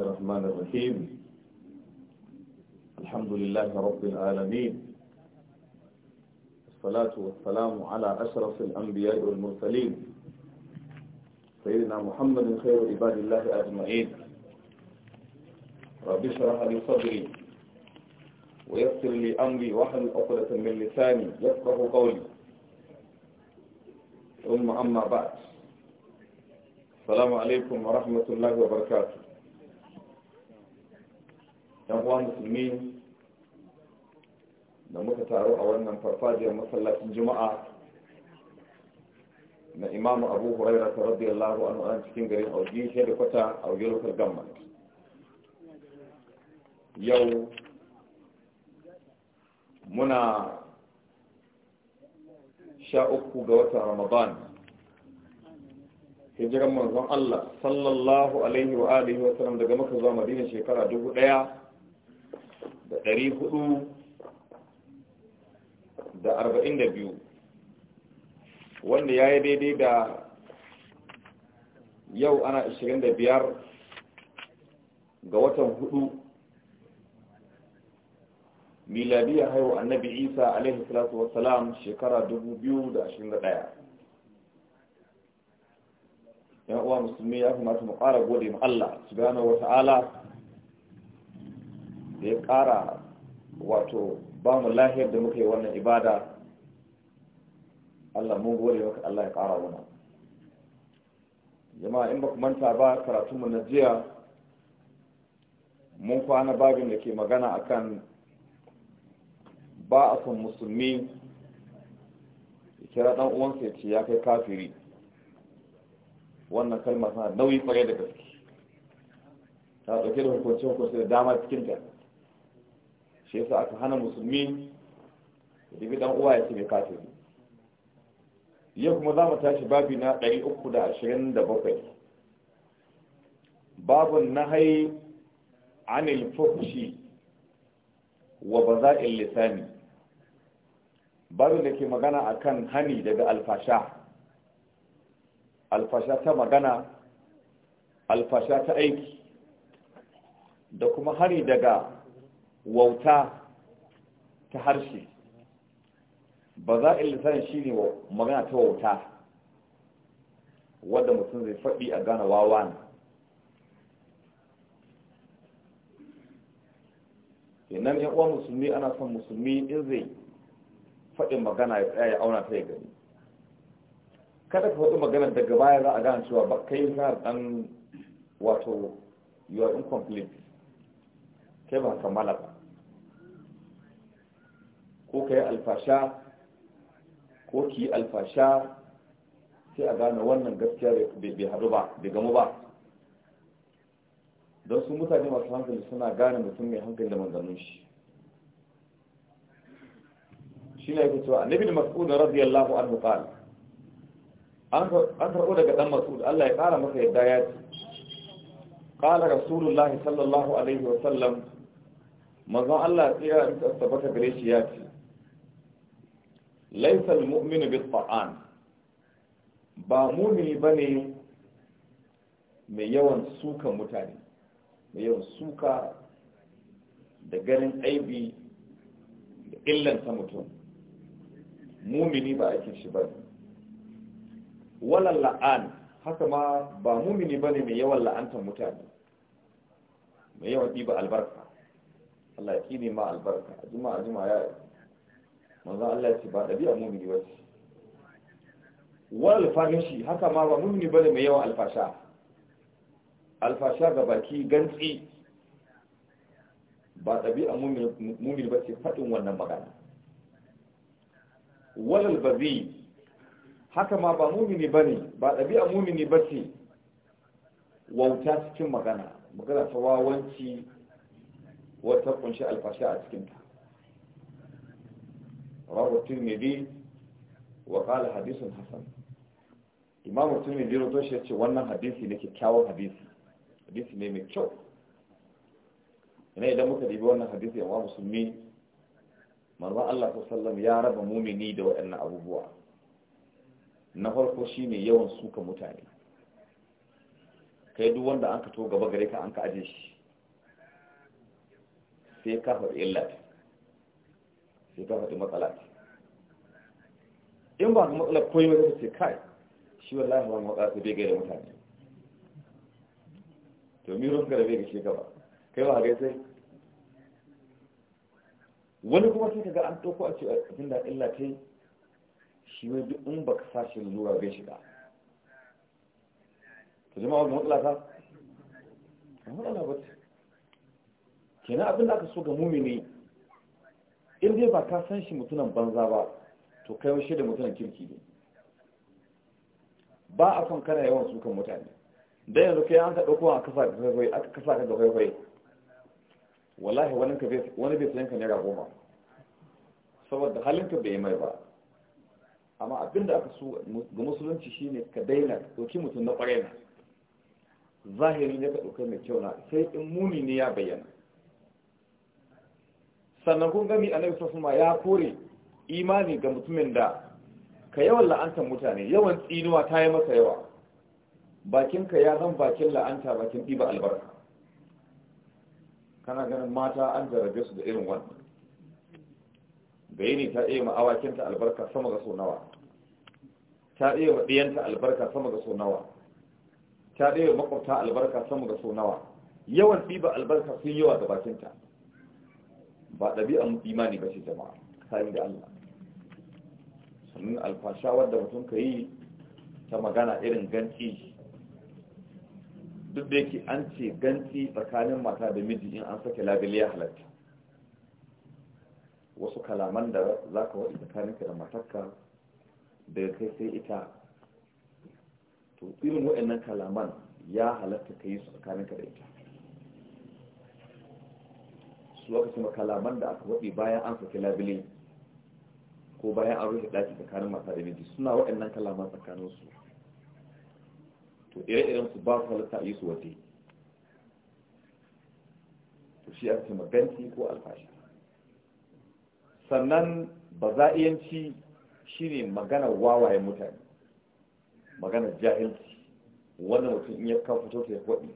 الله الرحمن الرحيم الحمد لله رب العالمين الصلاة والسلام على أشرف الأنبياء والمرسلين سيدنا محمد خير عباد الله أجمعين رب اشرح لي صدري ويسر لي أمري واحلل عقدة من لساني يفقه قولي ثم أما بعد السلام عليكم ورحمة الله وبركاته yan uwa musulmi da muka taru a wannan farfajiyar masallacin juma'a na imamu abu huraira ta radiyallahu a nuna cikin garin auji shi da kwata a wajen lokacin government yau muna sha uku ga watan ramadan hijiran manzon Allah sallallahu alaihi wa alihi wa sallam daga maka zuwa madina shekara dubu da ɗari hudu da arba'in da biyu wanda ya yi daidai da yau ana ashirin da biyar ga watan hudu miladiyar haihu annabi isa alaihi salatu wasalam shekara dubu biyu da ashirin da ɗaya yan uwa musulmi ya kamata mu ƙara gode ma Allah gano wa ta'ala da ya ƙara wato ba mu lahiyar da muka yi wannan ibada Allah mun gode maka Allah ya ƙara wannan jama'a in ba ku manta ba karatunmu na jiya mun kwana babin da ke magana akan ba a son musulmi kira ɗan uwansa ya ce ya kai kafiri wannan kalmar sana nauyi kwarai da gaske ta dauke da hukuncin hukunci da dama cikin ta shi yasa aka hana musulmi ya dan uwa ya mai kafiri yau kuma za mu tashi babi na 327 babun nahai anil fuhshi wa baza'il lisani babin da ke magana akan hani daga alfasha alfasha ta magana alfasha ta aiki da kuma hari daga wauta ta harshe ba za a lisan shi ne magana ta wauta wadda mutum zai faɗi a gane wawa ne inan yan musulmi ana son musulmi in zai faɗi magana ya tsaya ya auna ta ya gani kada ka faɗi magana daga baya za a gane cewa ba kai na ɗan wato you are incomplete kai ba kammala ba ko ka yi alfasha ko ki alfasha sai a gane wannan gaskiya bai haɗu ba bai gamu ba don su mutane masu hankali suna gane mutum mai hankali da manzannin shi shi ne yake "A annabi da mas'udin radiyallahu anhu qala an karɓo daga dan mas'ud Allah ya ƙara masa yadda ya ce qala rasulullahi sallallahu alaihi wa sallam manzon Allah ya tsira da tabbata gare shi ya ce laisa almu'minu bis-sa'an ba mumini bane mai yawan suka mutane mai yawan suka da ganin aibi da illanta mutum mumini ba ake shi ba wala la'an haka ma ba mumini bane mai yawan la'antar mutane mai yawan ɗiba albarka Allah ya kine ma albarka a juma'a juma'a ya manzo Allah ce ba dabi'a mumini ba ce wal fahishi haka ma ba mumini bane mai yawan alfasha alfasha ga baki gantsi ba ɗabi'a mumini ba ce faɗin wannan magana walal albazi haka ma ba mumini bane ba ɗabi'a mumini ba ce wauta cikin magana magana ta wawanci wata kunshi alfasha a cikinta رواه الترمذي وقال حديث حسن إمام الترمذي روتوش wannan hadisi ne نكي hadisi hadisi ne mai kyau ina idan muka dibi wannan hadisi yawa musulmi manzon Allah sallallahu ya raba mumini da waɗannan abubuwa na farko shine yawan suka mutane kai duk wanda an ka to gaba gare ka an ka aje shi sai ka faɗi illa sai ka faɗi matsala in ba matsala koyi wata ce kai shi lafi wani matsala su bai gaida mutane to mi ka da bai gashe ka kai ba ga sai wani kuma sai ka ga an ɗauko a cewa abin da illa ta yi shi wai duk in ba ka sashen zuwa bai shiga ta zama wani matsala ta Ka matsala ba ta kenan abin da aka so ga mumini in dai ba ka san shi mutunan banza ba to kai washe da mutunan kirki ne ba a son kana yawan sukan mutane dan yanzu kai an ka dauko a kafa da kai aka kafa ka da kai wallahi wani bai san ka ne ga goma saboda halin ka bai mai ba amma abinda aka so ga musulunci shine ka daina doki mutum na kwarai na zahiri ne ka dauka mai kyau na sai in muni ne ya bayyana sannan kun gami annabi sallallahu ya kore imani ga mutumin da ka yawan la'antar mutane yawan tsinuwa ta yi masa yawa bakinka ya zan bakin la'anta bakin ɗiba albarka kana ganin mata an jarabe su da irin wannan bayani ta iya ma albarka sama ga so nawa ta iya ma albarka sama ga so nawa ta iya maƙwabta albarka sama ga so nawa yawan ɗiba albarka sun yawa ga bakinta ba ɗabi'an imani ba ce jama'a kayan da Allah sannan alfasha wadda mutum ka yi ta magana irin ganci duk da yake an ce ganci tsakanin mata da miji in an sake labiliya halatta wasu kalaman da za ka waɗi tsakanin ka da matakka daga kai sai ita to irin waɗannan kalaman ya halatta ka yi su ka da ita su aka ce makalaman da aka waɗi bayan an saki labile ko bayan an rufe ɗaki tsakanin mata da miji suna waɗannan kalaman tsakaninsu to ire-iren su ba su halitta a yi su waje to shi aka ce maganti ko alfashi sannan ba za a yanci shi ne maganar wawaye mutane maganar jahilci wannan mutum in ya kafa fito ta ya waɗi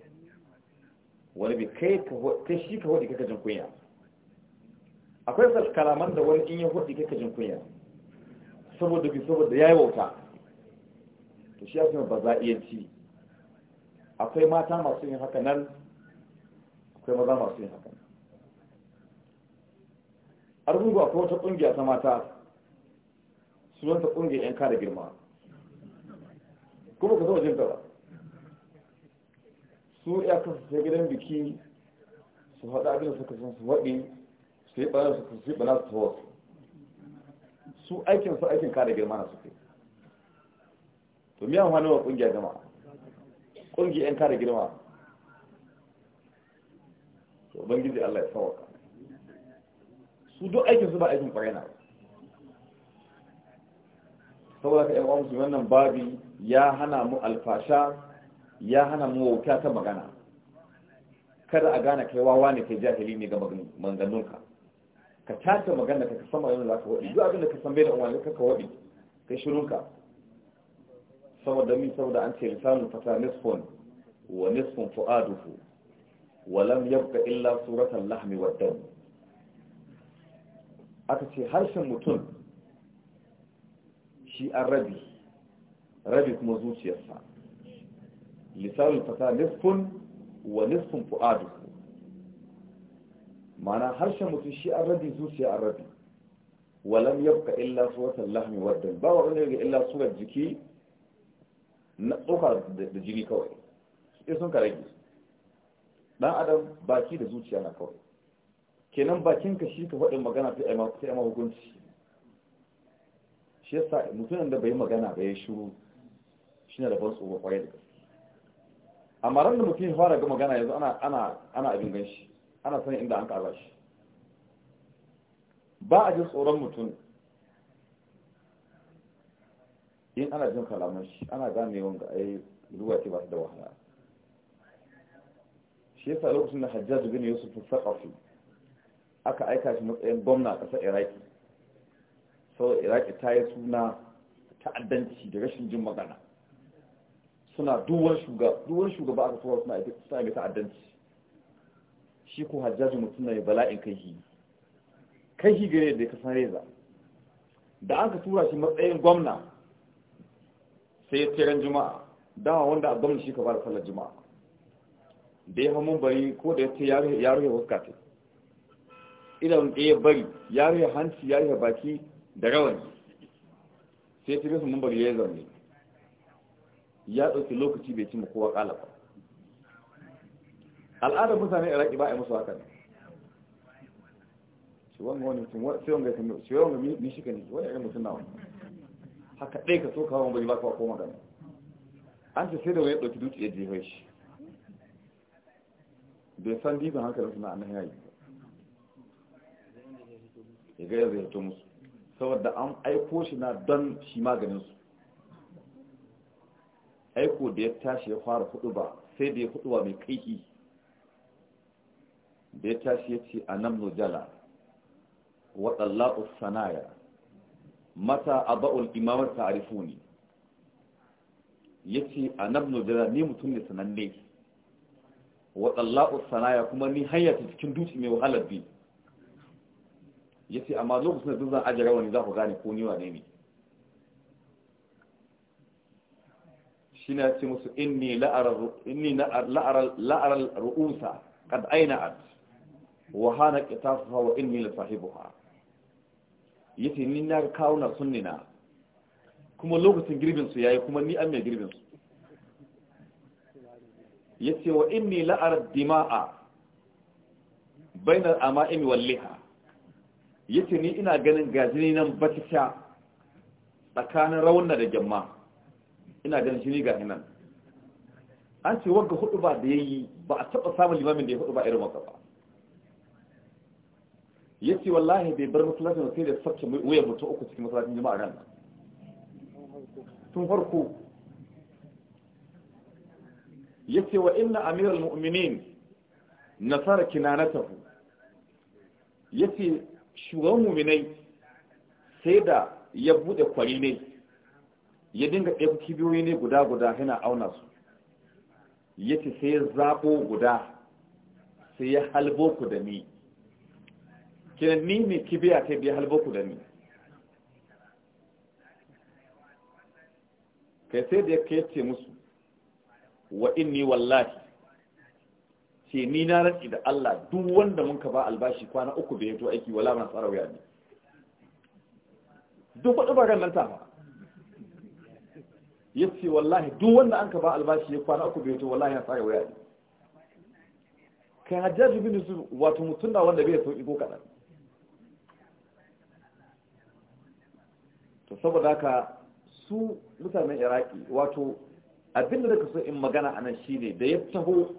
wani bai kai shi ka waɗi kaka jin kunya akwai kalaman da wani in ya hudu ka jin kunya saboda bi saboda ya yi wauta to shi ya a ba ci akwai mata masu yin haka nan akwai maza masu yin haka nan argungu akwai wata kungiya ta mata sunanta kungiya yan kada girma kuma ka zama jinta ba su ya kasa sai gidan biki su haɗa abin da suka san su waɗi sai ɓana su sai ɓana su tawo su aikin su aikin kada girma na suke to miyan hannu wa kungiya jama'a ƙungiya 'yan kada girma to bangiji Allah ya sawaka su duk aikin su ba aikin kwarai na saboda ka yan uwa wannan babi ya hana mu alfasha ya hana mu wauta ta magana kada a gane kai wawa ne kai jahili ne ga maganganunka ka tace magana ka san magana za ka wadi, duk abin da ka san bai da umarni ka wadi, waɗi kai shirunka saboda min saboda an ce lisanul fata nisfun wa nisfun fu'aduhu wa lam yabqa illa suratan lahmi wa dam aka ce harshen mutum shi an rabi rabi kuma zuciyarsa lisanul fata nisfun wa nisfun fu'aduhu ma'ana harshen mutum shi an rabi zuciya an rabi walam yabka illa suwatan lahmi waddan ba wani yake illa suwar jiki na tsoka da jini kawai sai sun karage dan adam baki da zuciya na kawai kenan bakin ka shi ka faɗin magana sai ai ma sai ma hukunci shi yasa mutumin da bai magana ba ya shiru na da ban tsoro kwaye da gaske amma ran da mutum ya fara ga magana yanzu ana ana ana abin ana sanin inda an kaba shi ba a jin tsoron mutum in ana jin kalaman shi ana gane wanga ai eh, ruwa ce ba su da wahala shi yasa lokacin da hajjaj bin yusuf su aka aika shi matsayin gwamna a ƙasar iraki saboda iraki ta yi suna ta'addanci da rashin jin magana suna duwar shugaba aka tura suna aiki ta'addanci shi ko hajjaji mutum mai bala'in Kai shi gare da ka san reza da an ka tura shi matsayin gwamna sai ya tseren juma'a dama wanda a gwamna shi ka bada sallar juma'a da ya hamun bari ko da ya ce ya rufe huska ta idan ɗaya bari ya rufe hanci ya rufe baki da rawar. sai ya tsere su mun bari ya yi zaune ya ɗauki lokaci bai ci mu kowa ƙalafa. al'adar mutane iraki ba a yi musu haka ne shi wanga wani mutum sai wanga ya shi wanga ni shi kani wani irin mutum na haka ɗaya ka so ka hawan bai ba ka ko magana an ce sai da wani ɗauki dutse ya jefa shi bai san dibin hankalin suna a nahiyayi ya ga yanzu ya hito musu saboda an aiko shi na don shi maganin su. aiko da ya tashi ya fara hudu ba sai da ya hudu ba mai kaiƙi da ya tashi ya ce a nan nujala waɗalla'us sanaya mata a ba'ul imamar ta'arifu ne ya ce a nan nujala ni mutum ne sananne waɗalla'us sanaya kuma ni hanyar cikin dutse mai wahalar bi ya ce amma lokacin da duzan ajiyar wani za ku gane ko niwa ne ne shi na ce musu inni la'arar ru'usa kad aina at wa hana qitasuha wa inni la sahibuha yace ni na kawuna sunnina kuma lokacin girbin su yayi kuma ni an mai girbin su yace wa inni la ara dima'a bainal ama'im wal liha yace ni ina ganin gajini nan batisha tsakanin raunna da jamma ina ganin shi ni ga hinan an ce wagga hudu ba da yayi ba a taba samun limamin da ya hudu ba irin maka ba yace wallahi bai bar masallacin sai da sakke waya mutu uku cikin masallacin jama'a nan tun farko yace wa inna amiral mu'minin nasara kinanatahu yace shugaban mu'minai sai da ya bude kwari ne ya dinga ɗaya kibiyoyi ne guda guda yana auna su yace sai ya zabo guda sai ya halbo ku da ni kenan ni ne kibiya ta biya halba ku da ni kai sai da ya kai ce musu wa inni wallahi ce ni na rantsi da Allah duk wanda mun ka ba albashi kwana uku bai yato aiki wala ban tsara wuya ne duk faɗi bakan nan tafa ya ce wallahi duk wanda an ka ba albashi ya kwana uku bai yato wallahi na tsara wuya ne kai hajjaji bin su wato mutum na wanda bai sauki ko kaɗan to saboda haka su mutanen iraki wato abin da ka so in magana a nan shine da ya taho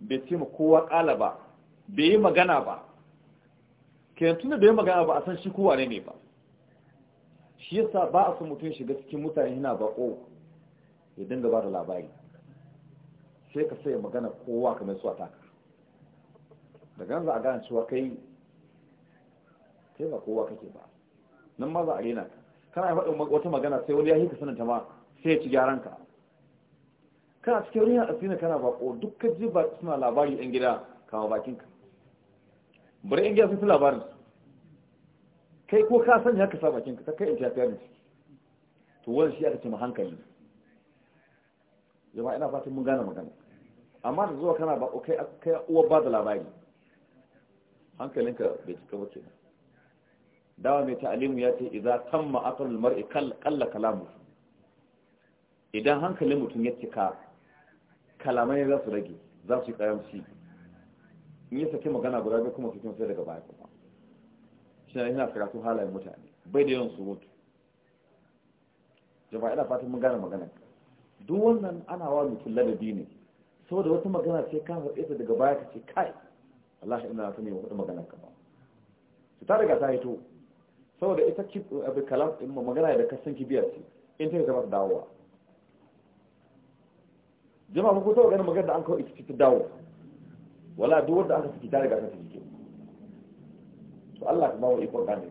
bai ce ma kowa ƙala ba bai yi magana ba kenan tunda bai yi magana ba a san shi kowa ne ne ba shi yasa ba a son mutum shiga cikin mutane yana bako ya dinga ba da labari sai ka sai magana kowa kamar su ataka da za a gane cewa kai kai ba kowa kake ba nan ma za a rena ka kana faɗin wata magana sai wani ya yi sanin ta ma sai ya ci gyaran ka kana cikin wani asina kana bako duk ka ji ba suna labari yan gida kama bakin ka bari yan gida sun fi labarin kai ko ka sanya haka sa bakin ka kai in tafiyar ne to wani shi aka ce ma hankali jama'a ina fatan mun gane magana amma da zuwa kana baƙo kai uwa ba da labari hankalinka bai cika ba kenan dawa mai ta'alimu ya ce idan tamma aqlul mar'i qalla kalamu idan hankalin mutum ya cika kalamai za su rage za su yi karamci in ya saki magana guda bai kuma cikin sai daga baya kuma shi ne yana karatu halayen mutane bai da yawan su mutu jama'a ina fatan mun gane magana duk wannan ana wa mutum ladabi ne saboda wata magana sai ka faɗe ta daga baya ka ce kai Allah ina ta ne wata magana ka ba ta riga ta hito saboda ita abu kalam magana da kasan kibiyar ce in ta yi zama dawowa jama'a ku taɓa ganin magana da an kawo ita ce ta dawo wala duk wanda aka fita daga ta jike to Allah ka bawo iko gane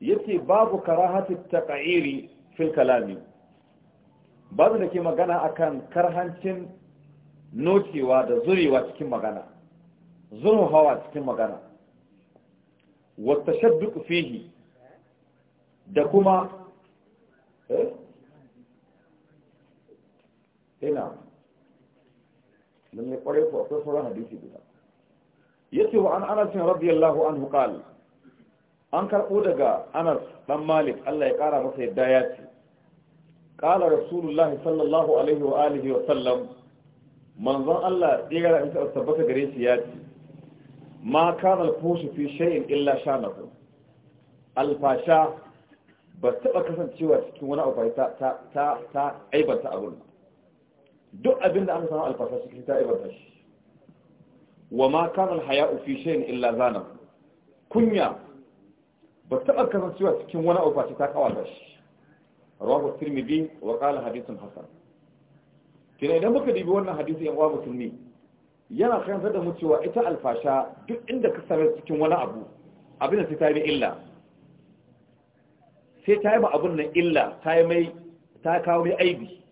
yace babu karahati taqiri fil kalami babu da ke magana akan karhancin nocewa da zurewa cikin magana zurun hawa cikin magana wata shabbiku fihi da kuma ina don kwarai kware ku akwai sauran hadisi guda ya ce wa an anasin radiyallahu an hukal an karɓo daga anas ɗan malik allah ya ƙara masa yadda ya ce ƙala rasulullahi sallallahu alaihi wa alihi wa sallam manzon allah ya tsira in tabbata gare shi ya ce ma kana al fi shay'in illa shanahu al-fasha ba taɓa kasancewa cikin wani abu ta ta ta ta aibanta abin duk abinda aka samu al-fasha ta aibanta shi wa ma kana al fi shay'in illa zana kunya ba taɓa kasancewa cikin wani abu ta kawata shi rawahu tirmidhi wa qala hadithun hasan kina idan muka dibi wannan hadisi yan uwa musulmi yana fahimtar da mu cewa ita alfasha duk inda ka sami cikin wani abu abin da sai ta yi illa sai ta yi ma abin nan illa ta yi mai ta kawo mai aibi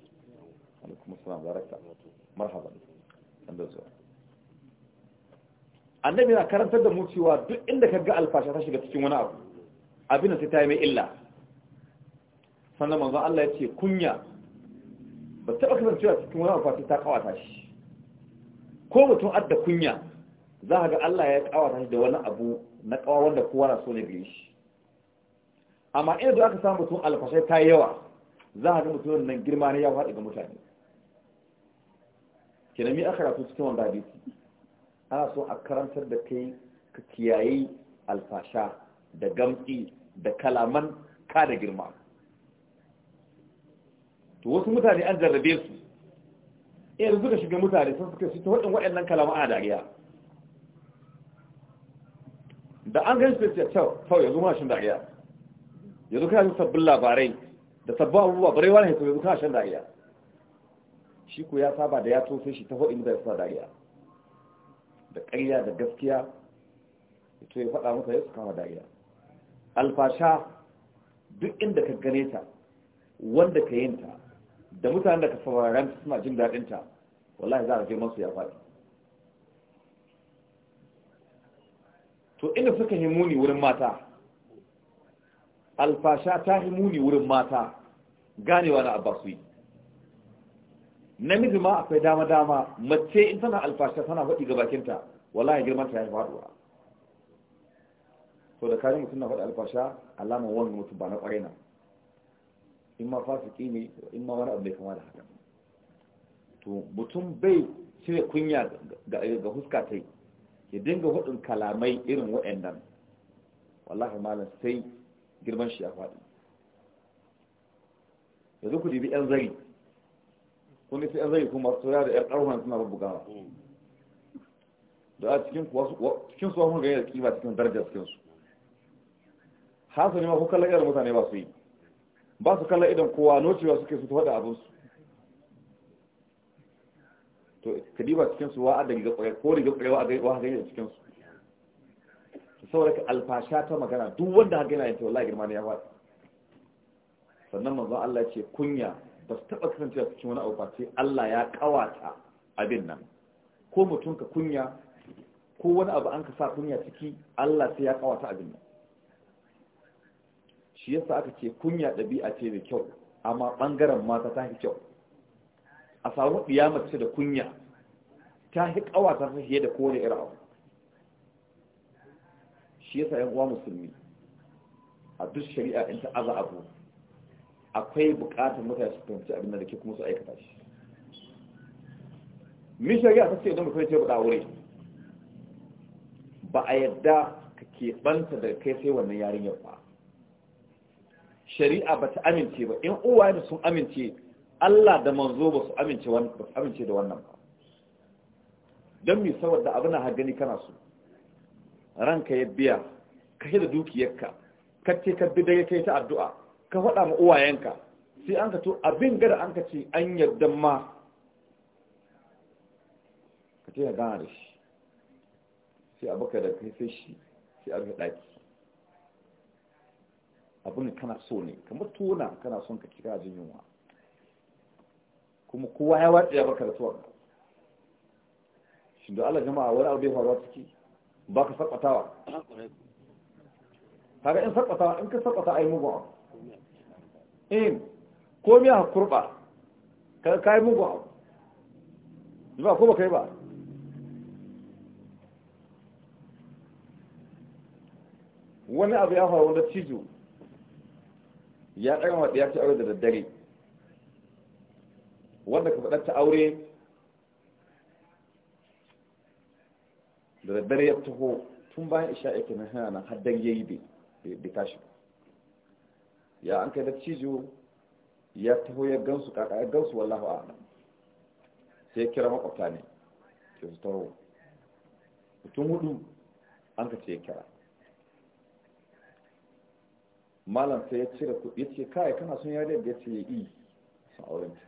alaikum assalam barakta marhaban anda zuwa annabi na karantar da mu cewa duk inda ka ga alfasha ta shiga cikin wani abu abin da sai ta yi mai illa sannan manzon Allah ya ce kunya ba taɓa kasancewa cikin wani abu ta kawata shi ko mutum adda kunya za ka ga Allah ya kawata shi da wani abu na kawar wanda kowa na so ne gare shi amma ina da aka samu mutum alfashai ta yawa za ka ga mutum nan girma ne ya faɗi ga mutane kenan mi aka rafu cikin wanda su ana so a karantar da kai ka kiyaye alfasha da gamsi da kalaman ka da girma to wasu mutane an jarrabe su Eh, yanzu suka shiga mutane sun suka ta waɗin waɗannan kalamu a dariya da an gani su ce kawai yanzu ma shan dariya yanzu kana shan sabbin labarai da sabbin abubuwa bare wani hito yanzu kana shan dariya shi ko ya saba da ya tofe shi ta waɗin da ya sa dariya da ƙarya da gaskiya to ya faɗa masa ya su kama dariya alfasha duk inda ka gane ta wanda ka yinta. ta da mutane da ka suna jin daɗinta, wallahi za a je masu ya faɗi to inda suka himuni wurin mata alfasha ta himuni wurin mata ganewa na abbasui namiji ma akwai dama-dama mace in tana alfasha tana faɗi ga bakinta wallahi girman ta ya faɗuwa to da kare mutum na faɗi alfasha alaman wani mutum ba na ƙwarai na in ma fasiki ne in ma wani abu mai kama da haka to mutum bai cire kunya ga huska ta ya dinga hudun kalamai irin wa'annan wallahi malam sai girman shi ya faɗi yanzu ku dibi 'yan zari kun nufi 'yan zari kuma tsora da 'yan ƙarfan suna bugawa da a cikin su wani gani da kima cikin darajar cikinsu hasa ne ma kuka lagayar mutane ba su yi ba su kalla idan kowa nocewa suke su faɗa abinsu to kadiba cikin su da ga kwaye ko riga kwaye wa ga wa ga cikin su saboda ka alfasha ta magana duk wanda haka yana yanta wallahi girma ne ya faɗi sannan mazu Allah ce kunya ba su taɓa kasancewa cikin wani abu ba ce Allah ya ƙawata abin nan ko mutum ka kunya ko wani abu an ka sa kunya ciki Allah sai ya ƙawata abin nan shi yasa aka ce kunya ɗabi'a ce da kyau amma ɓangaren mata ta fi kyau a samu ɗiyamar ce da kunya ta fi ƙawa ta fiye da kowane irin abu shi yasa yan uwa musulmi a duk shari'a in ta aza abu akwai buƙatar mutane su fahimci abin da ke kuma su aikata shi min shari'a ta ce idan mutum ce buɗa wuri ba a yadda ka keɓanta da kai sai wannan yarinyar ba shari'a ba ta amince ba in uwayen sun amince Allah da manzo ba su amince da wannan ba don mi saboda abin ha gani kana su? ranka ya biya ka shi da dukiyarka ka ce ka bi daga kai ta addu'a ka faɗa ma uwayenka sai an ka to abin gada an ka ce an yarda ma ka ce ya gana da shi sai abuka da kai sai shi sai abu ɗaki abin kana so ne kamar tona kana son ka kira jin yunwa kuma kowa ya watsi ya baka da shi da Allah jama'a wani abu bai faruwa ciki ba ka sarƙatawa kaga in sarƙatawa in ka sarƙata ai mugun abu in eh, ko miya kurba ka kai mugun abu ba ko ba kai ba wani abu ya faru da cijo ya ɗaga wadda ya ci aure da daddare wanda ka faɗar ta aure da daddare ya taho tun bayan isha yake na hana nan haddan ya yi bai tashi ya an kai da cijo ya taho ya gansu kaka ya gansu wallahu a sai ya kira makwabta ne ke su taho mutum hudu an ka ce ya kira malam sai ya cire kuɗi ya ce kai kana son yare da ya ce ya yi sun auren ta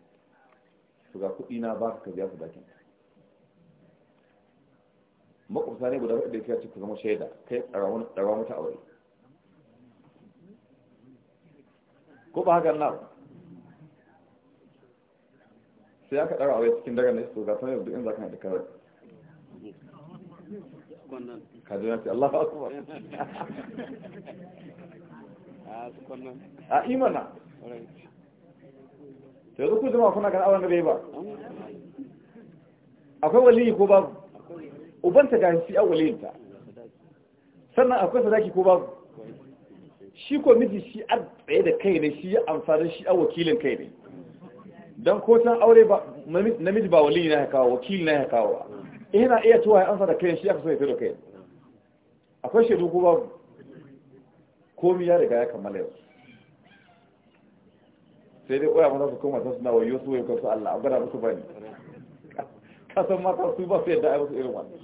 su ga kuɗi na ba ka biya su dakin ta makwabta ne guda da ya ce ku zama shaida kai ɗarawa mata aure ko ba haka nan sai aka ɗara aure cikin daga na su ga sanar da duk in zaka da kawai ka ji na ce Allah ba a imana da zuku zama kuna kan awon da bai ba akwai waliyi ko babu ubanta ga shi a waliyinta sannan akwai sadaki ko babu shi ko miji shi a tsaye da kai ne shi ya amfani shi a wakilin kai ne don kotun aure namiji ba waliyi na ya kawo wakili na ya kawo ina iya tuwa ya amsa da kai shi aka so ya da kai akwai shaidu ko babu komi ya riga ya kammala yau sai dai koya mana su koma ta suna wayo su wayo kansu Allah abu gada musu bani kasan mata su ba su yadda a musu irin wani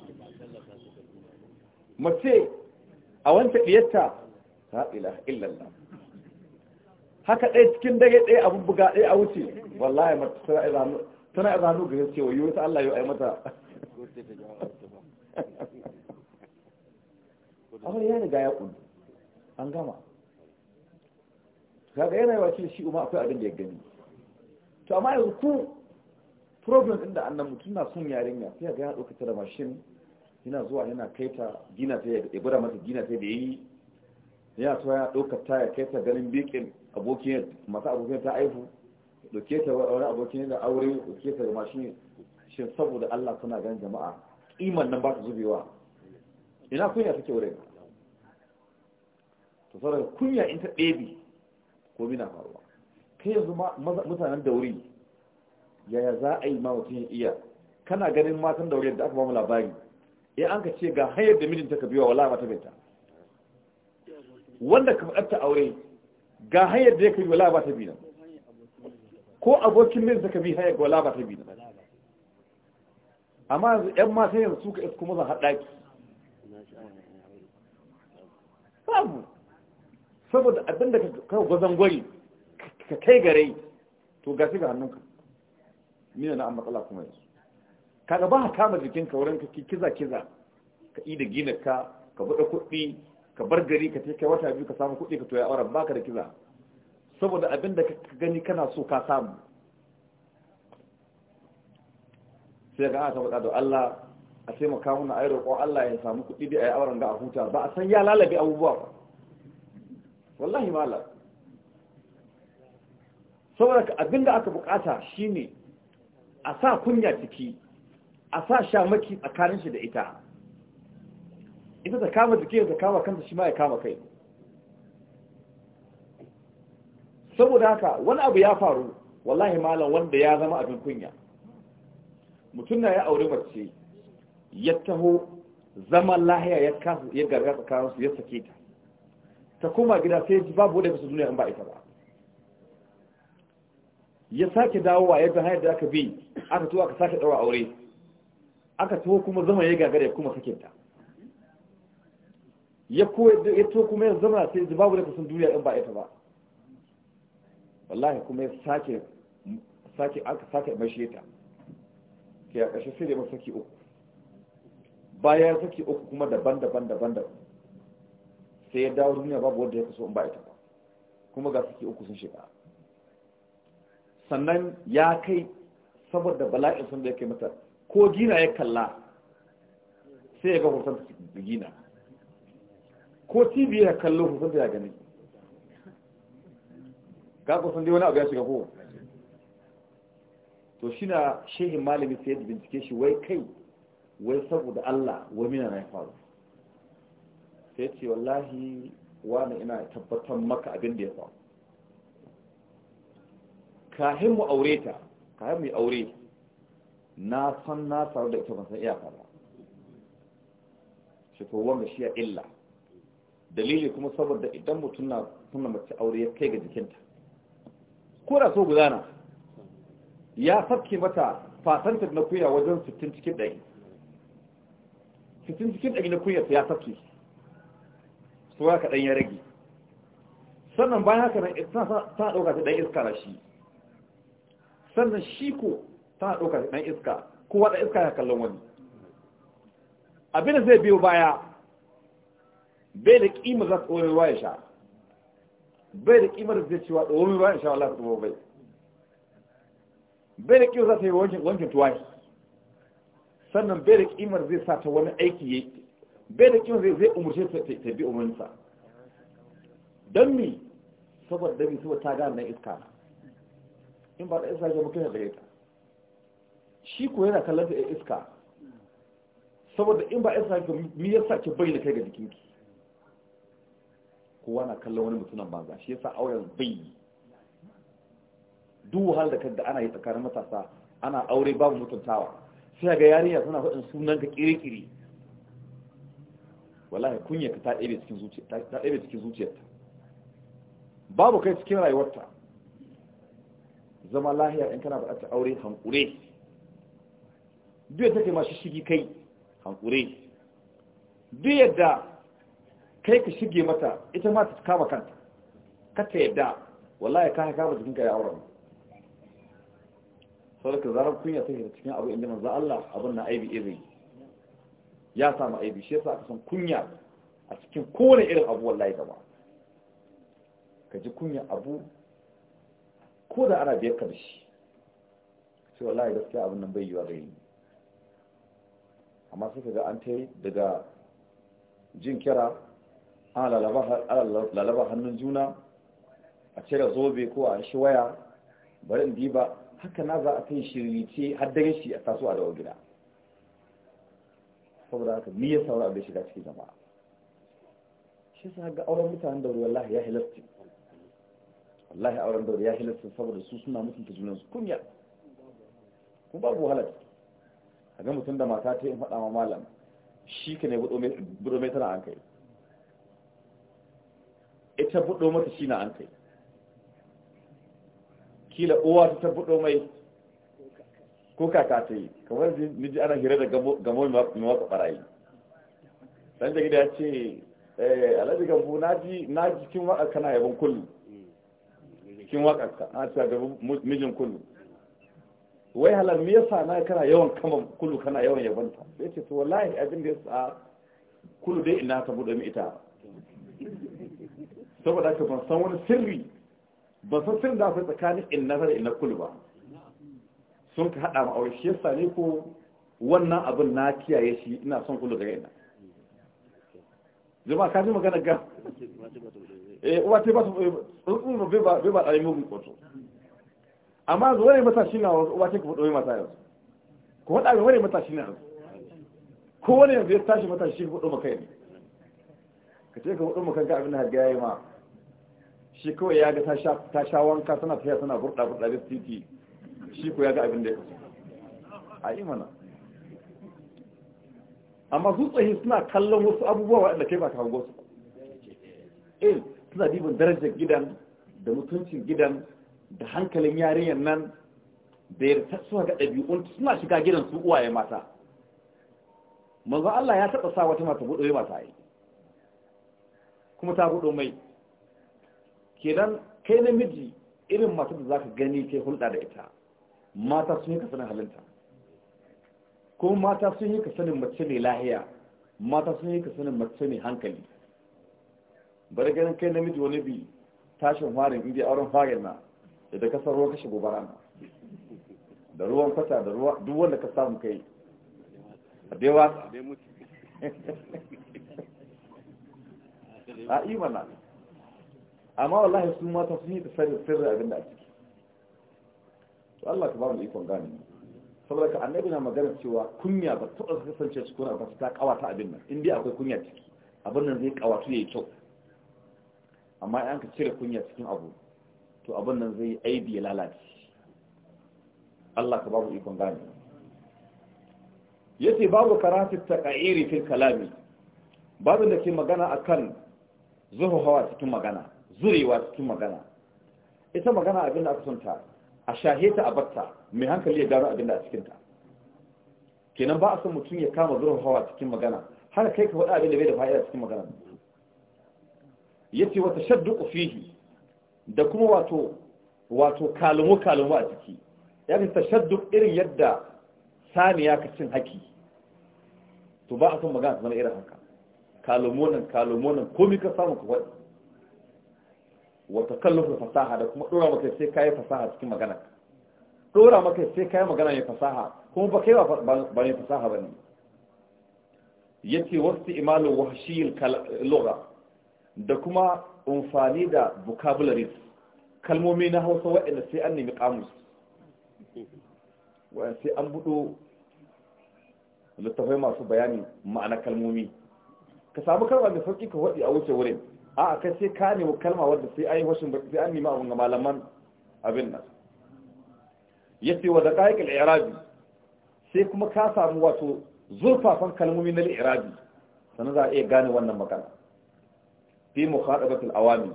mace a wancan ɗiyarta ta ilaha illallah haka ɗaya cikin dage ɗaya abin buga ɗaya a wuce wallahi mata tana iya zanu ga yace wayo ta Allah yau ai mata abin ya riga ya kudu an gama kaga yana yawa shi umar akwai abin da ya gani to amma yanzu ku problem ɗin da annan mutum na son yarinya sai ga ya ɗauka ta da mashin yana zuwa yana kai ta gina ta ya bura mata gina ta da yi yana so ya ɗauka ta ya kai ta ganin bikin abokin masu abokin ta aifu ɗauke ta wani abokin da aure ɗauke ta da mashin shi saboda Allah suna ganin jama'a iman nan ba ta zubewa ina kunya take wurin ta sauran kunya in ta ɗebe ko bina faruwa kai yanzu mutanen dauri yaya za a yi ma mutum iya kana ganin matan daure da aka ba mu labari ya an ka ce ga hayar da mijinta ka wa wala ta binta wanda ka faɗarta aure ga hayar da ya ka bi wala ba ta bina ko abokin mijinta ka bi hayar ga wala ba ta bina amma yanzu ‘yan mata yanzu ka isko maza haɗaki babu saboda abin da ka gwazon gwari ka kai gare to ga shi ga hannunka mina na amma matsala kuma yanzu Ka ba ka kama jikinka wurin ka kiza kiza ka yi da gina ka ka buɗe kuɗi ka bar gari ka kai wata biyu ka samu kuɗi ka toya auren baka da kiza saboda abin da ka gani kana so ka samu sai ga aka faɗa da Allah a taimaka mana a yi roƙon Allah ya samu kuɗi da a yi auren a huta ba a san ya lalabe abubuwa ba wallahi malam saboda da aka bukata shine a sa kunya ciki a sa shamaki tsakanin shi da ita ita ta kama jiki ta kama kanta shi ma ya kama kai saboda haka wani abu ya faru wallahi malam wanda ya zama abin kunya mutum na ya aure mace ya taho zaman lahiya ya garga tsakaninsu ya sake ta ta koma gida sai ji babu wadda kasu duniya an ba ita ba ya sake dawowa yadda hanyar da aka bi aka tuwa aka sake dawa aure aka tuwa kuma zama ya gagara ya kuma ta ya to kuma ya zama sai ji babu wadda kasu duniya an ba ita ba wallahi kuma ya sake sake aka sake mashi ta ke a sai da masaki uku bayan saki uku kuma daban-daban daban-daban sai ya dawo duniya babu wanda ya kaso in ba ita ba kuma ga suke uku sun shiga sannan ya kai saboda bala'in sun da ya kai mata ko gina ya kalla sai ya ga hoton da gina ko tv ya kallo hoton da ya gani ga kusan dai wani abu ya shiga ko to shi na shehin malami sai ya bincike shi wai kai wai saboda Allah wai mina na ya faru sai ce wallahi wani ina tabbatar maka abin da ya faru kahin mu aure ta kahin mu aure na san na faru da ita ban san iyaka ba shi ko wanda shi ya illa dalili kuma saboda idan mutum na sunna mace aure ya kai ga jikinta ko da so gudana ya farke mata fasantar na kuya wajen 60 cikin 100 60 cikin 100 na kuya ya farke to haka dan ya rage sannan bayan haka nan ta ɗauka ta ɗan iska na shi sannan shi ko ta ɗauka ta ɗan iska kowa waɗa iska ya kallon wani abin da zai biyo baya bai da ƙima za su tsoron ruwa ya sha bai da ƙimar da zai cewa tsoron ruwa ya sha wala su tsoron bai bai da kima za su yi wankin tuwai sannan bai da ƙimar zai sa ta wani aiki bai da kin zai umarce ta bi sa. don mi saboda dami saboda ta gane nan iska in ba da iska ga mutum ya da ta shi ko yana kallon ta iska saboda in ba iska ga mi yasa ki bayyana kai ga jikinki kowa na kallon wani mutumin banza shi yasa auren bayyi duk hal da kadda ana yi tsakanin matasa ana aure babu mutuntawa sai ga yarinya suna faɗin sunan ka kirikiri wallahi kunya ka ta ɗebe cikin zuciyarta ta tsere cikin zuciyarta babu kai cikin rayuwarta zama lahiya in kana ta aure hankure duk take ma shi shigi kai hankure duk yadda kai ka shige mata ita ma ta kama kanta ka ta yadda wallahi ka haka mata jinka ya auren saboda zarar kunya take cikin abu inda manzo Allah abin na aibi izini ya samu aibi shi yasa aka san kunya a cikin kowane irin abu wallahi gaba ka ji kunya abu ko da ana biyar ka shi sai wallahi gaskiya abin nan bai yiwa bai amma sai ga an tai daga jin kira an lalaba hannun juna a cire zobe ko a shi waya bari diba haka na za a kai shirrice har dare shi a taso a dawo gida saboda haka ni ya saura abin shiga cikin jama'a shi sa ga auren mutanen da wallahi ya hilarci wallahi auren da ya hilarci saboda su suna mutunta junan su kunya ku babu wahala a ga mutum da mata ta yi faɗa ma malam shi ka ne budo mai tana an kai ita budo mata shi na an kai kila uwa ta budo mai ko kaka ta yi kamar da miji ana hira da gamo mai wasa barayi dan da gida ya ce eh alhaji gambo naji naji kin waka kana yabon kullu kin waka ka na ta ga mijin kullu wai halal me yasa na kana yawan kama kullu kana yawan yabon ta sai ce to wallahi abin da yasa kullu dai ina ta bude mi ita saboda ka ban san wani sirri ba san sirrin da akwai tsakanin inna da inna kullu ba sun ka haɗa ma'aure shi yasa ne ko wannan abin na kiyaye shi ina son kullu daga ina jama'a kafin magana ga eh uwa ce ba su tsuntsun ba bai ba ɗari mugun kwato amma zuwa ne matashi na uwa ce ka faɗo mata yanzu ko faɗa ga wani matashi na yanzu ko wani yanzu ya tashi matashi ka faɗo maka yanzu ka ce ka faɗo maka ga abin da ya yi ma shi kawai ya ga ta sha wanka tana tafiya tana burɗa burɗa da titi shi ko ya ga abin da ya a yi mana amma su tsaye suna kallon wasu abubuwa waɗanda kai ba ka hango su eh suna dibin darajar gidan da mutuncin gidan da hankalin yarinyar nan da yarda suwa ga ɗabi'un suna shiga gidan su uwaye mata manzo Allah ya taɓa sa wata mata buɗe mata yi kuma ta buɗe mai kenan kai namiji irin masu da za ka gani kai hulɗa da ita mata sun yi ka sanin halinta kuma mata sun yi ka sanin mace mai lahiya mata sun yi ka sanin mace mai hankali bari ganin kai namiji wani bi tashin farin inda auren farin na da kasar ruwan kashe gobara na da ruwan fata da ruwa duk wanda ka samu kai a dewa a imana amma wallahi sun mata sun yi kasanin sirri abin da ake Allah ka ba mu ikon gane saboda ka annabi na magana cewa kunya ba ta kasance cikin abin ta kawata abin nan in dai akwai kunya ciki abin nan zai kawatu yayi kyau amma in ka cire kunya cikin abu to abin nan zai aibi ya lalace Allah ka ba mu ikon gane yace babu karatu taqairi fil kalami babu da ke magana akan zuhuhawa cikin magana zurewa cikin magana ita magana abin da aka sunta a shahe ta a batta mai hankali ya gano abin da a cikinta kenan ba a san mutum ya kama zurin hawa cikin magana har kai ka faɗa abin da bai da fa'ida cikin magana yace wata shaddu fihi da kuma wato wato kalmo kalmo a ciki ya ga tashaddu irin yadda saniya ka cin haki to ba a san magana zama irin haka kalmo nan kalmo nan komai ka samu ka wata kallon fasaha da kuma dora maka sai kayi fasaha cikin magana dora maka sai kayi magana mai fasaha kuma ba kai ba fasaha ba ne ya ce wasu imalin wahashiyar lura da kuma amfani da vocabularies kalmomi na hausa wa'anda sai an nemi kamus waɗanda sai an buɗo littafai masu bayani ma'ana kalmomi ka samu kalma da sauki ka wadi a wuce wurin a aka sai ka nemi kalma wadda sai ai washin baki sai an nemi abun ga malaman abin nan yace wa daqaiq al-i'rabi sai kuma ka samu wato zurfafan kalmomi na al-i'rabi sanan za a iya gane wannan magana fi mukhatabat al-awami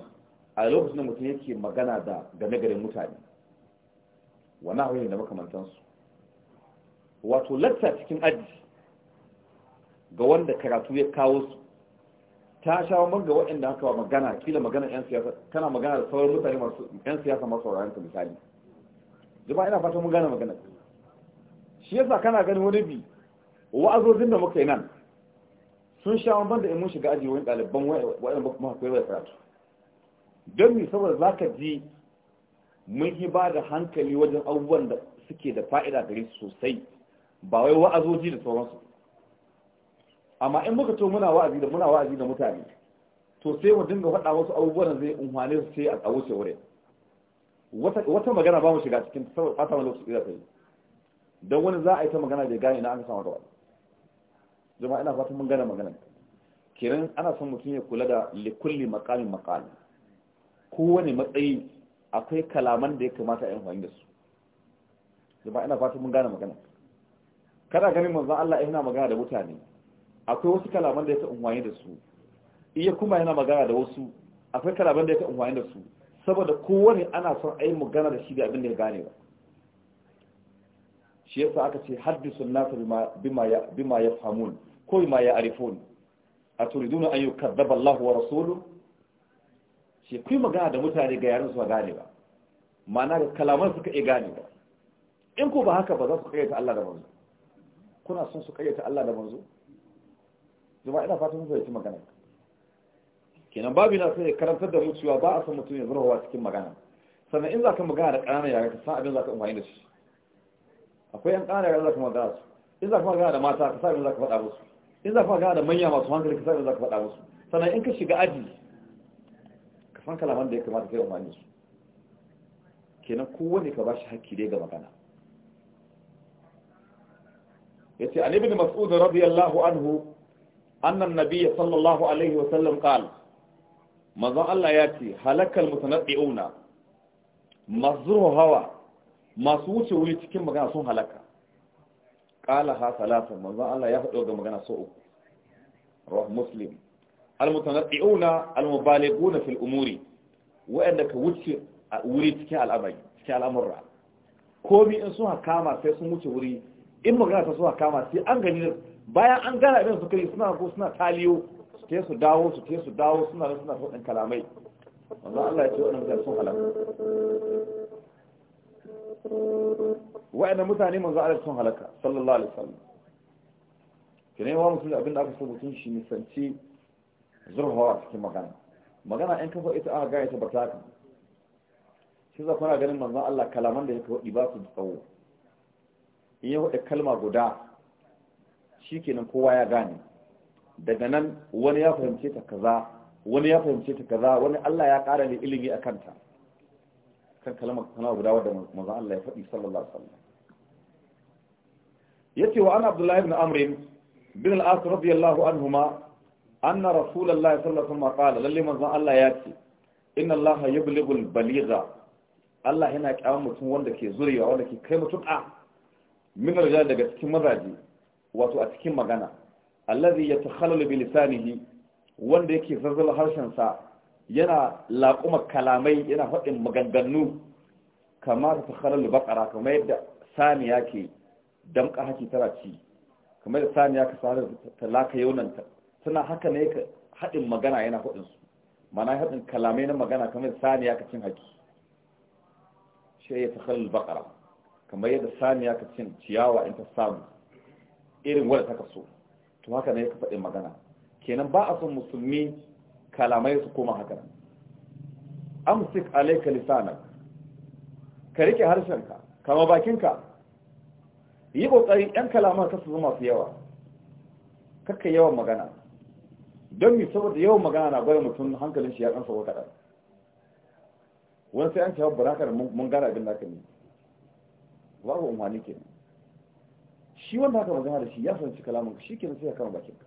a lokacin da mutum yake magana da game garin mutane wa nahwihi da makamantansu wato latta cikin aji ga wanda karatu ya kawo su ta shawo manga waɗanda aka wa magana kila magana yan siyasa kana magana da sauran mutane masu yan siyasa masu sauraron misali ina fata mun gane magana shi yasa kana ganin wani bi wa'azozin da muka yi nan sun sha ban da in mun shiga aji wani ɗaliban waɗanda kuma koyar da karatu don mi saboda za ka ji mun yi ba da hankali wajen abubuwan da suke da fa'ida gare su sosai ba wai wa'azoji da sauransu amma in muka to muna wa'azi da muna wa'azi da mutane to sai mu dinga faɗa wasu abubuwan zai unhwane su sai a wuce wurin wata magana ba mu shiga cikin saboda fata wani lokaci da kai don wani za a yi ta magana da gane na an samu rawa jama'a ina fatan mun gane magana kenan ana son mutum ya kula da likulli maqamin ko kowane matsayi akwai kalaman da ya kamata a yi amfani da su jama'a ina fatan mun gane magana kada ganin manzon Allah Ina magana da mutane akwai wasu kalaman da ya ta unwaye da su iya kuma yana magana da wasu akwai kalaman da ya ta unwaye da su saboda kowane ana son a yi magana da shi da abin da ya gane ba shi yasa aka ce haddisun nasu bima ya famun ko bima ya arifon a turiduna an yi kaddaba Allah wa rasulu shi magana da mutane ga yaran su ba gane ba ma'ana da kalaman suka iya gane ba in ko ba haka ba za su kayyata Allah da manzo kuna son su kayyata Allah da manzo zama ina fatan zai ci magana kenan babu na sai karantar da mu cewa ba a san mutum ya zurhawa cikin magana sannan in za ka magana da ƙananan yare ka san abin za ka amfani da shi akwai yan ƙananan yare za ka magana su in za ka magana da mata ka sa abin za ka faɗa musu in za ka magana da manya masu hankali ka sa abin za ka faɗa musu sannan in ka shiga aji ka san kalaman da ya kamata kai yi su kenan kowane ka ba shi hakki dai ga magana yace ali ibn mas'ud radiyallahu anhu annan Nabiya sallallahu alaihi wa sallam qala manzon Allah ya ce halakal mutanaddi'una mazruhu hawa masu wuce wuri cikin magana sun halaka qala ha salatan manzon Allah ya faɗo ga magana so uku rawahu muslim almutanaddi'una almubalighuna fil umuri wa'anda ka wuce wuri cikin al'amari cikin al'amurra komi in sun hakama sai sun wuce wuri in magana ta sun hakama sai an gani bayan an gana abin su kai suna ko suna taliyo su su dawo su te su dawo suna da suna faɗin kalamai wanda Allah ya ce waɗanda mutane sun halaka waɗanda mutane manzo Allah sun halaka sallallahu alaihi wasallam kene wa musulmi abin da aka so mutum shi nisanci zurhawa cikin magana magana ɗan kafa ita aka gaya ta bata ka shi za kuna ganin manzo Allah kalaman da yake waɗi ba su tsawo in ya waɗe kalma guda kenan kowa ya gane daga nan wani ya fahimce ta kaza wani ya fahimce ta kaza wani Allah ya ƙara ne ilimi a kanta kan kalmar kana guda wadda manzon Allah ya faɗi sallallahu alaihi wasallam yace wa ana Abdullah ibn Amr bin al-As radiyallahu anhuma anna Rasulullah sallallahu alaihi wasallam qala lalle manzon Allah ya ce inna Allah yublighul baligha Allah yana kyawun mutum wanda ke zurewa wanda ke kai mutum a min daga cikin mazaje wato a cikin magana allazi yatakhallal bi lisanihi wanda yake zazzala harshen sa yana laƙuma kalamai yana faɗin maganganu kama ta takhallal baqara kamar yadda saniya ke damƙa haki tana ci kamar yadda saniya ka sanar ta laka yaunanta tana haka ne ka haɗin magana yana faɗin su mana haɗin kalamai na magana kuma yadda saniya ka cin haki shi ya takhallal baqara kamar yadda saniya ka cin ciyawa in ta samu irin wadda ta kaso to haka ne ka faɗi magana kenan ba a son musulmi kalamai su koma haka amsik alayka lisanak ka rike harshenka kama bakinka yi kokari ɗan kalaman ka su zama su yawa kakka yawan magana don mi saboda yawan magana na gwada mutum hankalin shi ya kansa ko kaɗan wani sai an cewa barakar mun gara abin da ka ne babu umarni kenan shi wanda aka magana da shi ya fahimci kalamun shi ke sai ya kama bakin ka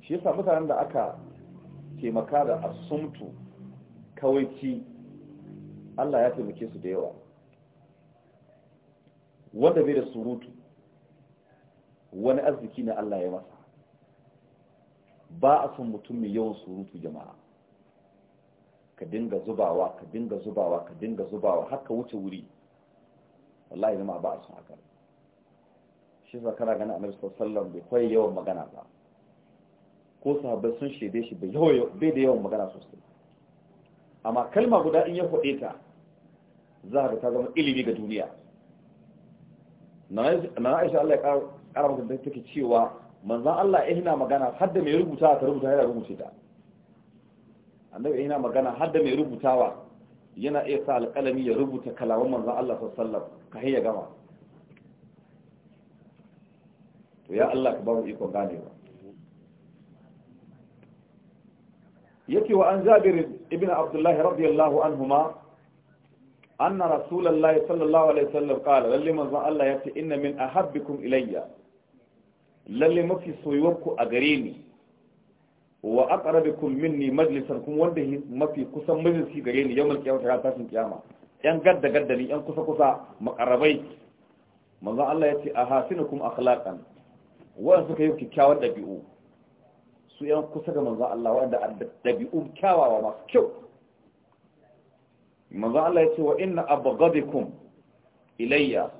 shi yasa mutanen da aka taimaka da asumtu kawaici Allah ya taimake su da yawa wanda bai da surutu wani arziki ne Allah ya masa ba a son mutum mai yawan surutu jama'a ka dinga zubawa ka dinga zubawa ka dinga zubawa haka wuce wuri wallahi ma ba a son haka shi za kana gani annabi sallallahu bai kwaye yawan magana ba ko sahabbai sun shaide shi bai da yawan magana sosai amma kalma guda in ya faɗe ta za ka ta zama ilimi ga duniya na aisha Allah ya ƙara maka da take cewa manzan Allah ya hina magana hadda mai rubuta ta rubuta yana rubuta ta annabi ya hina magana hadda mai rubutawa yana iya sa alƙalami ya rubuta kalaman manzan Allah sallallahu ka hayya gama to ya Allah ka ba mu ikon ganewa yake wa an jabir ibn abdullahi radiyallahu anhuma anna rasulullahi sallallahu alaihi wasallam qala lalle manzon Allah yace inna min ahabbikum ilayya lalle mafi soyuwarku a gare ni wa aqrabukum minni majlisan kuma wanda mafi kusan majalisi gare ni yawmal qiyamah ta tashin kiyama yan gadda gadda ni yan kusa kusa makarabai manzon Allah yace ahasinukum akhlaqan wanda suka yi kyakkyawar ɗabi'u su yan kusa da manzan Allah wanda ɗabi'u kyawawa masu kyau manzan Allah ya ce wa inna abghadikum ilayya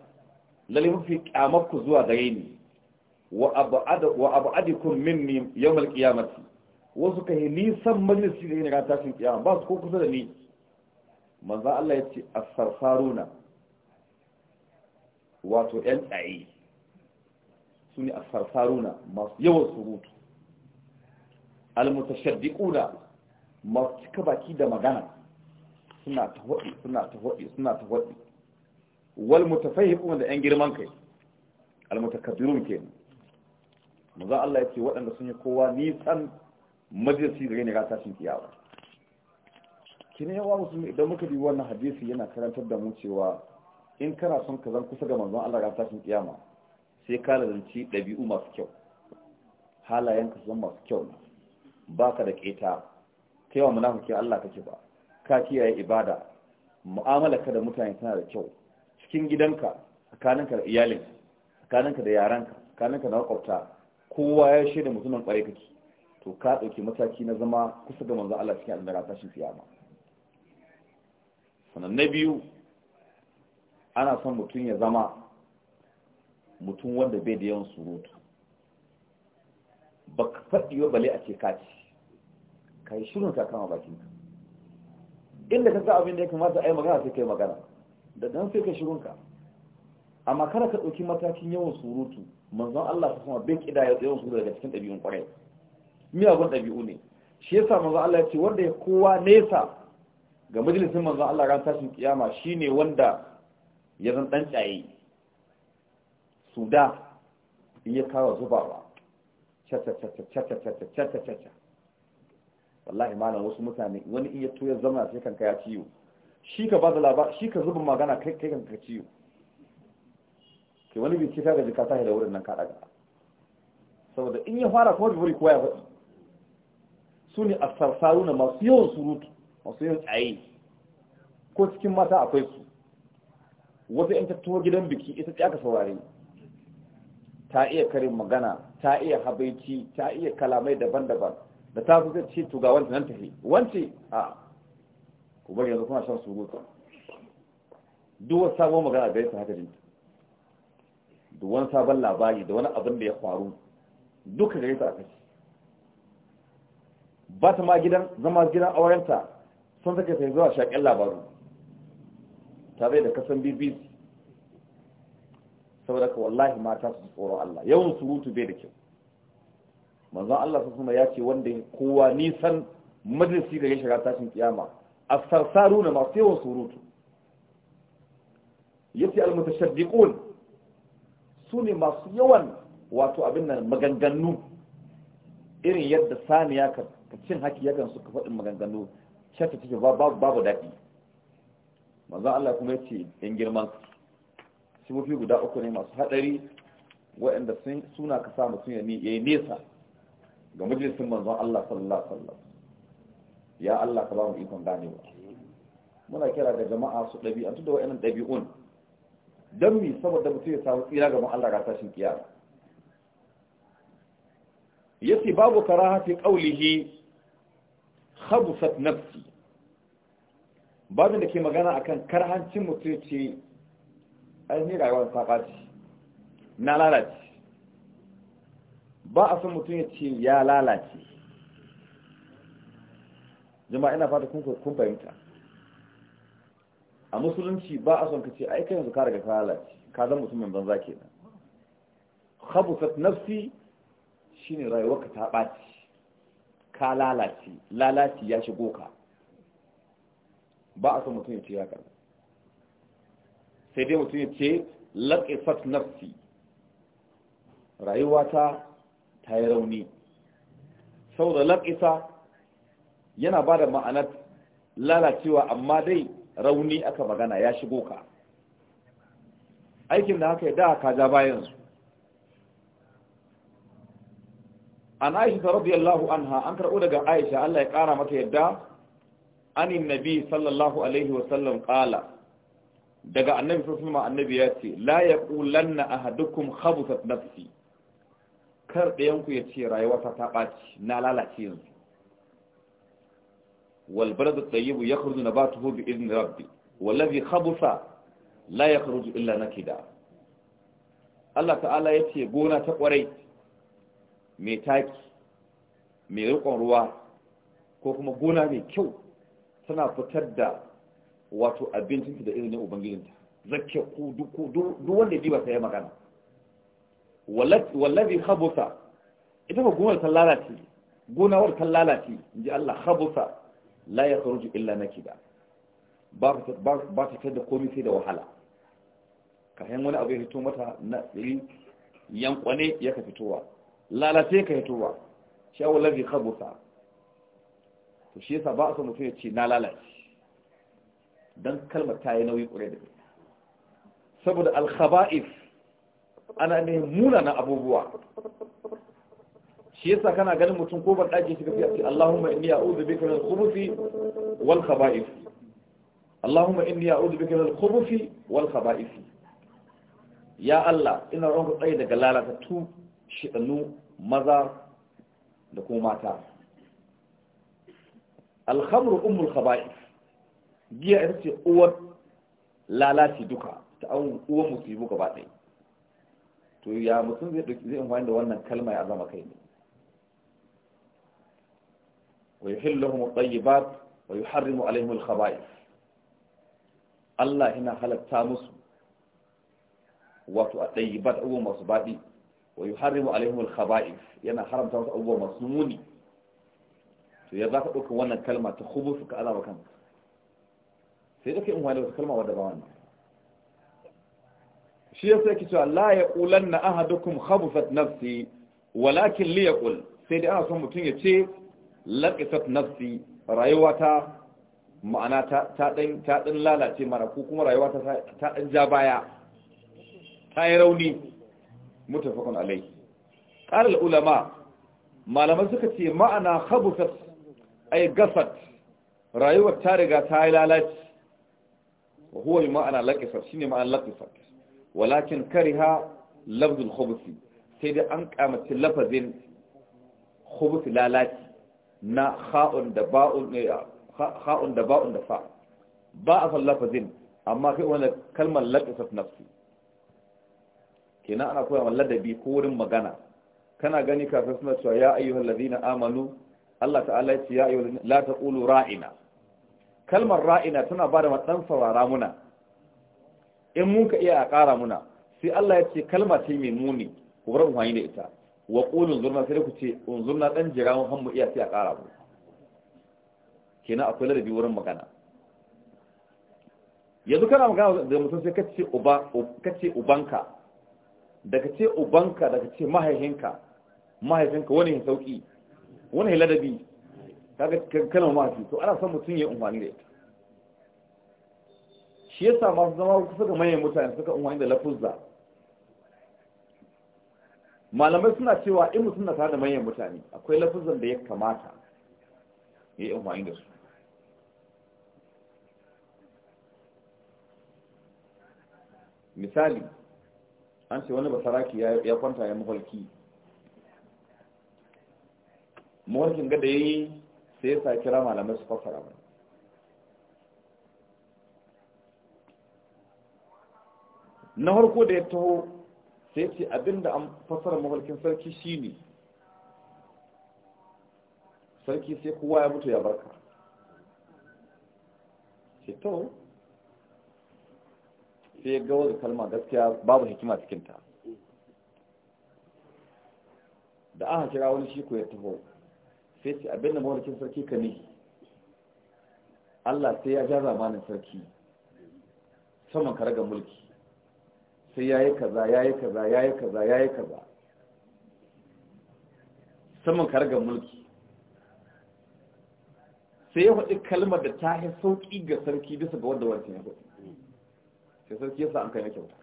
lalle mafi kyamarku zuwa gare ni wa ab'adikum minni yawmal qiyamati wasu kai nisan majalisi da yin tashin kiyama ba su ko kusa da ni manzan Allah ya ce as-sarfaruna wato yan tsaye su ne a farfaruna masu yawan surutu almutashaddiquna masu cika baki da magana suna tawadi suna tawadi suna tawadi wal mutafahhiquna da yan girman kai almutakabbirun kenan manzo Allah yake waɗanda sun yi kowa nisan majalisi da ne ga tashin kiyawa kina yawa musulmi idan muka bi wannan hadisi yana karantar da mu cewa in kana son ka zan kusa ga manzon Allah ga tashin kiyama sai ka lazanci ɗabi'u masu kyau halayen ka masu kyau ba ka da ƙeta. keta kai wa munafiki Allah kake ba ka kiyaye ibada mu'amala ka da mutane tana da kyau cikin gidanka tsakaninka da iyalin tsakaninka da yaranka tsakaninka da makwabta kowa ya da mutumin ka kake to ka ɗauki mataki na zama kusa ga manzon Allah cikin almira tashin siyama sannan na biyu ana son mutum ya zama mutum wanda bai da yawan surutu ba ka faɗi bale a ce kaci ka yi shirin ka kama bakinka inda ka sa abin da ya kamata a yi magana sai ka yi magana da dan sai ka shirin ka amma kada ka ɗauki matakin yawan surutu manzon Allah ka kuma bai ƙida yawan surutu daga cikin ɗabi'un ƙwarai miyagun ɗabi'u ne shi ya sa manzon Allah ya ce wanda ya kowa nesa ga majalisin manzon Allah ran tashin kiyama shine wanda ya zan ɗan tsaye su da iya kawo zubawa caca-caca-caca-caca-caca wallahi malam wasu mutane wani iya to ya zama sai kanka ya ciwo shi ka ba da labar shi ka zubin magana kai kai kanka ciwo ke wani bai cika ga jika ta da wurin nan kaɗa ga saboda in ya fara kuma bibiri kuwa ya faɗi su ne a sarsaru na masu yawan surutu masu yawan tsaye ko cikin mata akwai su Wasu yan tattowar gidan biki ita ce aka saurari. ta iya karin magana ta iya habaici ta iya kalamai daban-daban da ta fi zai ce to ga wanda nan tafi wance a ku bari yanzu kuna shan surutu duk wani sabon magana gare su haka jinta duk wani sabon labari da wani abin da ya faru duka gare ta a kashi ba ta ma gidan zama gidan aurenta sun sake sai zuwa shaƙen labaru tare da kasan bbc saboda ka wallahi mata su tsoro Allah yawan surutu bai da kyau manzon Allah sun kuma ya ce wanda kowa nisan majalisi da ya shiga tashin kiyama sarsaru na masu yawan surutu yace almutashaddiqun su ne masu yawan wato abin nan maganganu irin yadda saniya ka cin haki yakan suka faɗin maganganu ta ce babu daɗi manzon Allah kuma ya ce in girman sifofi guda uku ne masu hadari waɗanda suna ka sa mutum ya yi nesa ga majalisun manzon Allah sallallahu alaihi wasallam ya Allah ka ba mu ikon ganewa muna kira ga jama'a su ɗabi'antu da waɗannan ɗabi'un don mi saboda mutum ya samu tsira ga Allah ga tashin kiyama yace babu hafi fi qawlihi khabsat nafsi babin da ke magana akan karhancin mutum ce ai ni rayuwar ta ɓaci na lalace ba a son mutum ya ce ya lalace jama'a ina fata kun fahimta a musulunci ba a son ka ce ai kai yanzu ka ka lalace ka zan mutumin banza kenan khabusat nafsi shine ka ta ɓaci ka lalace lalace ya shigo ka ba a son mutum ya ce ya kaza sai dai mutum ya ce laƙifat nafsi rayuwata ta yi rauni saboda laƙisa yana ba da ma'anar lalacewa amma dai rauni aka magana ya shigo ka aikin da haka ya da ka ja su an aisha an anha an karɓo daga aisha Allah ya ƙara mata yadda anin nabi sallallahu alaihi wasallam ƙala daga annabi sallallahu annabi ya ce la yaqulanna ahadukum khabuthat nafsi kar ɗayanku ya ce rayuwata ta ɓaci na lalace yanzu ya baladu na ba nabatuhu bi idni rabbi wallazi khabutha la yakhruju illa nakida Allah ta'ala yace gona ta kwarai mai taki mai riƙon ruwa ko kuma gona mai kyau tana fitar da wato abincinsu da izinin ubangijinta zakke ku duk wanda ji ba sai magana wallazi khabusa ita ba gonar ta lalace gonawar ta lalace inji Allah khabusa la ya yakhruju illa nakida ba ba ta tada komai sai da wahala ka hen wani abu ya fito mata na tsiri yankwane ya ka fitowa lalace ka fitowa shi wallazi khabusa to shi yasa ba a so mutum ya ce na lalace don kalmar ta yi nauyi kure da saboda alkhaba'if ana ne munana abubuwa shi yasa kana ganin mutum ko ban ɗaki shiga fiye Allahumma inni a'udhu bika min al-khubuthi wal khaba'ith Allahumma inni a'udhu bika min al-khubuthi wal khaba'ith ya Allah ina roƙon tsaye daga lalatattu shidanu maza da kuma mata al-khamru ummul khaba'ith giya ita ce uwar lalace duka ta uwar musibu gaba ɗaya to ya mutum zai ɗauki zai amfani da wannan kalma ya zama kai ne wa yuhilluhum at-tayyibat wa yuharrimu alaihim al-khaba'ith Allah yana halatta musu wato at-tayyibat abubuwa masu baɗi wa yuharrimu alaihim al-khaba'ith yana haramta musu abubuwa masu muni to ya za ka ɗauka wannan kalma ta khubusu ka azaba kanka sai ɗauke in wani wata kalma wadda ba wannan shi sai ki cewa la ya ƙulan na aha habu khabufat nafsi walakin li ƙul sai dai ana son mutum ya ce laƙisat nafsi rayuwata ma'ana ta ɗin lalace mana ko kuma rayuwata ta ɗin ja baya ta yi rauni mutafakon alai ƙarar ulama malamai suka ce ma'ana khabufat ay gasat rayuwar ta riga ta yi lalace wa huwa bi ma'ana laqisa shine ma'ana laqisa walakin kariha lafz al sai dai an kamace lafazin khubuth lalati na eh, kha'un da ba'un da fa ba a san lafazin amma kai wannan kalmar laqisa nafsi kenan ana koya wa ladabi ko wurin magana kana gani kafin suna cewa ya ayyuhal amanu Allah ta'ala ya ra'ina kalmar ra'ina tana ba da matsan saurara muna in mun ka iya a ƙara muna sai Allah ya ce kalmar ce mai muni ku bar mu da ita wa qulun zurna sai ku ce unzurna ɗan jira mu han mu iya sai a ƙara mu kenan akwai ladabi wurin magana yanzu kana magana da mutum sai kace uba kace ubanka daga ce ubanka daga ce mahaifinka mahaifinka wani sauki wani ladabi kaga kankanan mafi to ana son mutum ya yi umarni da ita shi sa masu zama kusa ga manyan mutane suka umarni da lafuzza malamai suna cewa in mutum na tare da manyan mutane akwai lafuzzan da ya kamata ya yi umarni da su misali an ce wani basaraki ya kwanta ya mafarki mafarkin gada ya yi sai ya kira malamai su fassara mana na harko da ya taho sai ce abinda an fassara mafarkin sarki shine sarki sai kowa ya mutu ya barka sai to sai ya gawar da kalma gaskiya babu hikima cikinta da aka kira wani shi ko ya taho sai ce abin da mawalikin sarki ka ne Allah sai ya ja zamanin sarki saman karaga mulki sai ya yi kaza ya yi kaza ya yi kaza ya yi kaza saman karaga mulki sai ya faɗi kalmar da ta yi sauƙi ga sarki bisa ga wanda wancan ya faɗi sai sarki ya sa an kai kyauta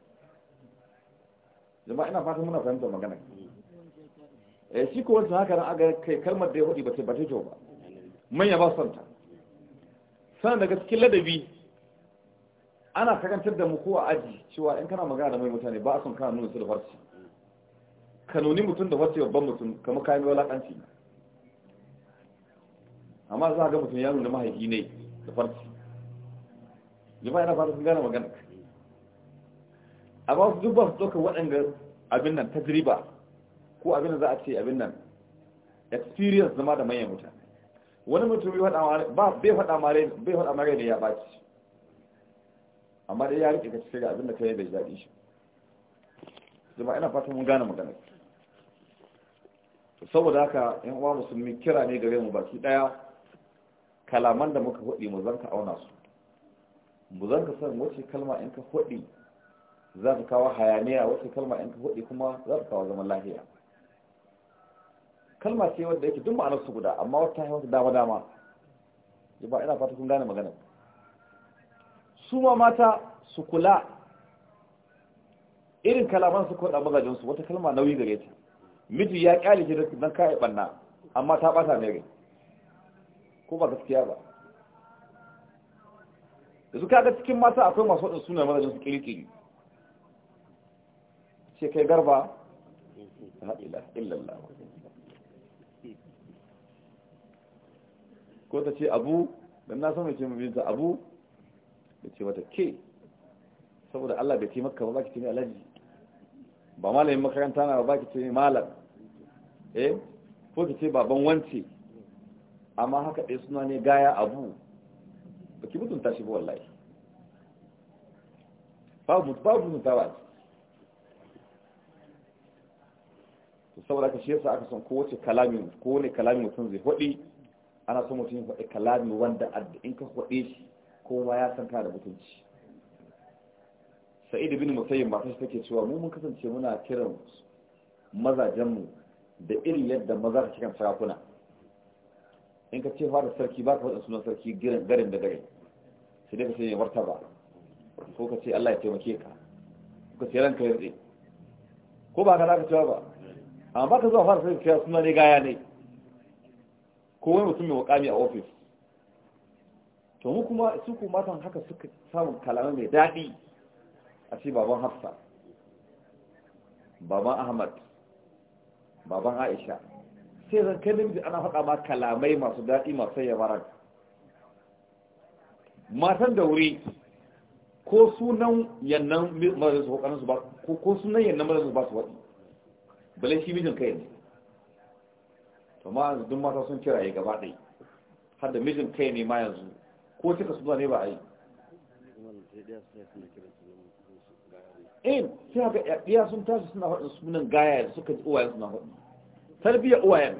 jama'a ina fatan muna fahimtar magana Eh, shi ko wancan haka nan aga kai kalmar da ya hudu ba ta ba kyau ba manya ba son ta sannan daga cikin ladabi ana sakantar da mu ko a aji cewa in kana magana da mai mutane ba a son kana nuna su da farci kanoni mutum da farci babban mutum kamar kayan walakanci amma za a ga mutum ya nuna mahaifi ne da farci jama'a yana fara sun gane magana ba su duk ba su ɗaukar waɗanda abin nan tajriba ko abin da za a ce abin nan experience zama da manyan mutane wani mutum bai faɗa mare da ya ɓaci amma dai ya riƙe ka ga abin da kai bai daɗi shi zama ina fatan mun gane magana saboda haka yan uwa musulmi kira ne gare mu baki ɗaya kalaman da muka faɗi mu zanka auna su mu zanka san wace kalma in ka faɗi za ka kawo hayaniya wace kalma in ka faɗi kuma za ka kawo zaman lafiya kalma ce wadda yake duk ma'anar su guda amma wata hanyar wata dama dama ya ba ina fata kun gane magana su ma mata su kula irin kalaman su kwaɗa su wata kalma nauyi gare ta miji ya kyale shi don kayan ɓanna amma ta ɓata mere ko ba gaskiya ba da su kaga cikin mata akwai masu waɗansu suna mazajensu ƙirƙiri ce kai garba illallah ko ta ce abu don na san mace mabinta abu da ce mata ke saboda Allah bai taimaka ba ki ce mai alaji ba malamin makaranta na ba ki ce mai malam eh ko ki ce baban wance amma haka ɗaya suna ne gaya abu ba ki mutunta shi ba wallahi babu mutunta ba ce saboda aka shi yasa aka son kowace kalamin kowane kalamin mutum zai haɗi ana so mutum ya faɗi kalami wanda in ka faɗe shi kowa ya san da mutunci sa'id bin musayyib ba ta take cewa mu mun kasance muna kiran mazajen mu da irin yadda maza ka kiran sarakuna in ka ce fara sarki ba ka faɗin sunan sarki garin da garin sai dai ka sanya warta martaba ko ka ce Allah ya taimake ka ka ce ka ya ko ba ka za ka cewa ba amma ba ka zuwa fara sarki suna ne gaya ne ko wani mutum mai wakami a ofis to mu kuma su ku matan haka suka samu kalama mai daɗi a ce baban hafsa baban ahmad baban aisha sai zan kai namiji ana faɗa ma kalamai masu daɗi masu yabarar matan da wuri ko sunan yannan mazan su ba ko sunan yannan mazan su ba su waɗi balai shi mijin kai ne to ma yanzu duk mata sun kiraye gaba ɗai har da mijin kai ne ma yanzu ko cika su ne ba a yi eh, in sai haka yaɗiya sun tashi suna faɗin sunan gaya da suka ji uwayen suna faɗin tarbiyyar uwayen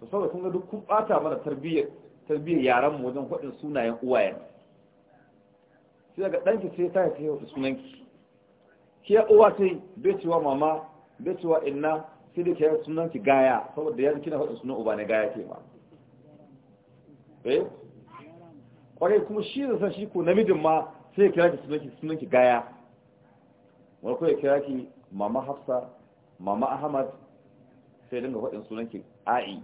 ta saboda kun ga duk kun ɓata mana tarbiyyar tarbiyyar yaran mu wajen faɗin sunayen uwayen sai daga ɗanki sai ta yi ta yi sunanki ki ya uwa ta yi bai cewa mama bai cewa inna sai da kiyar sunan ki gaya saboda yanzu kina faɗin sunan uba ne gaya ke ma eh kwarai kuma shi da san shi ko namijin ma sai ya kira ki sunan ki sunan ki gaya wani ko ya kira ki mama hafsa mama ahmad sai dinga faɗin sunan ki a'i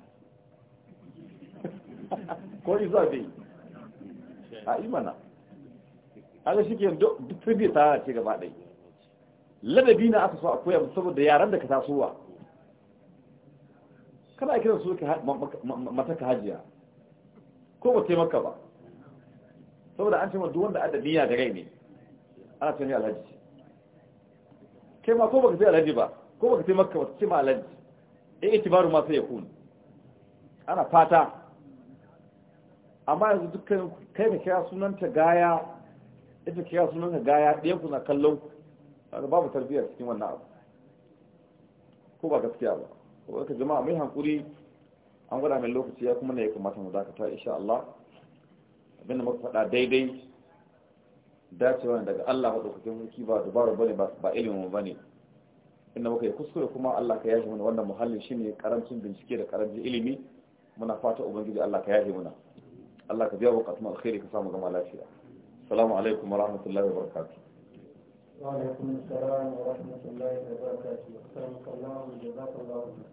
ko yi bai a'i mana ala shi ke duk turbi ta ce gaba ɗai ladabi na aka so a koya saboda yaran da ka tasowa kana kiran su mataka hajiya ko ba kai maka ba saboda an ce duk wanda adda niyya da rai ne ana ce alhaji kai ma ko baka sai alhaji ba ko baka sai maka ba ce ma alhaji eh itibaru ma sai ya kun ana fata amma yanzu dukkan kai ka kira sunanta gaya ita kira sunanta gaya ɗaya ku na kallon babu tarbiyyar cikin wannan abu ko ba gaskiya ba wadda jama'a mai hankuri an gwada mai lokaci ya kuma ne ya kamata mu dakata insha Allah abin da muka faɗa daidai dacewa ne daga Allah maɗaukakin mulki ba dubaru bane ba ilimin bane inda muka yi kuskure kuma Allah ka yaji mana wannan muhallin shine karancin bincike da karancin ilimi muna fata ubangiji Allah ka yaji muna Allah ka biya bukatun alkhairi ka samu gama lafiya assalamu alaikum wa rahmatullahi wa barakatuh وعليكم السلام ورحمة الله وبركاته. أحسنك الله وجزاك الله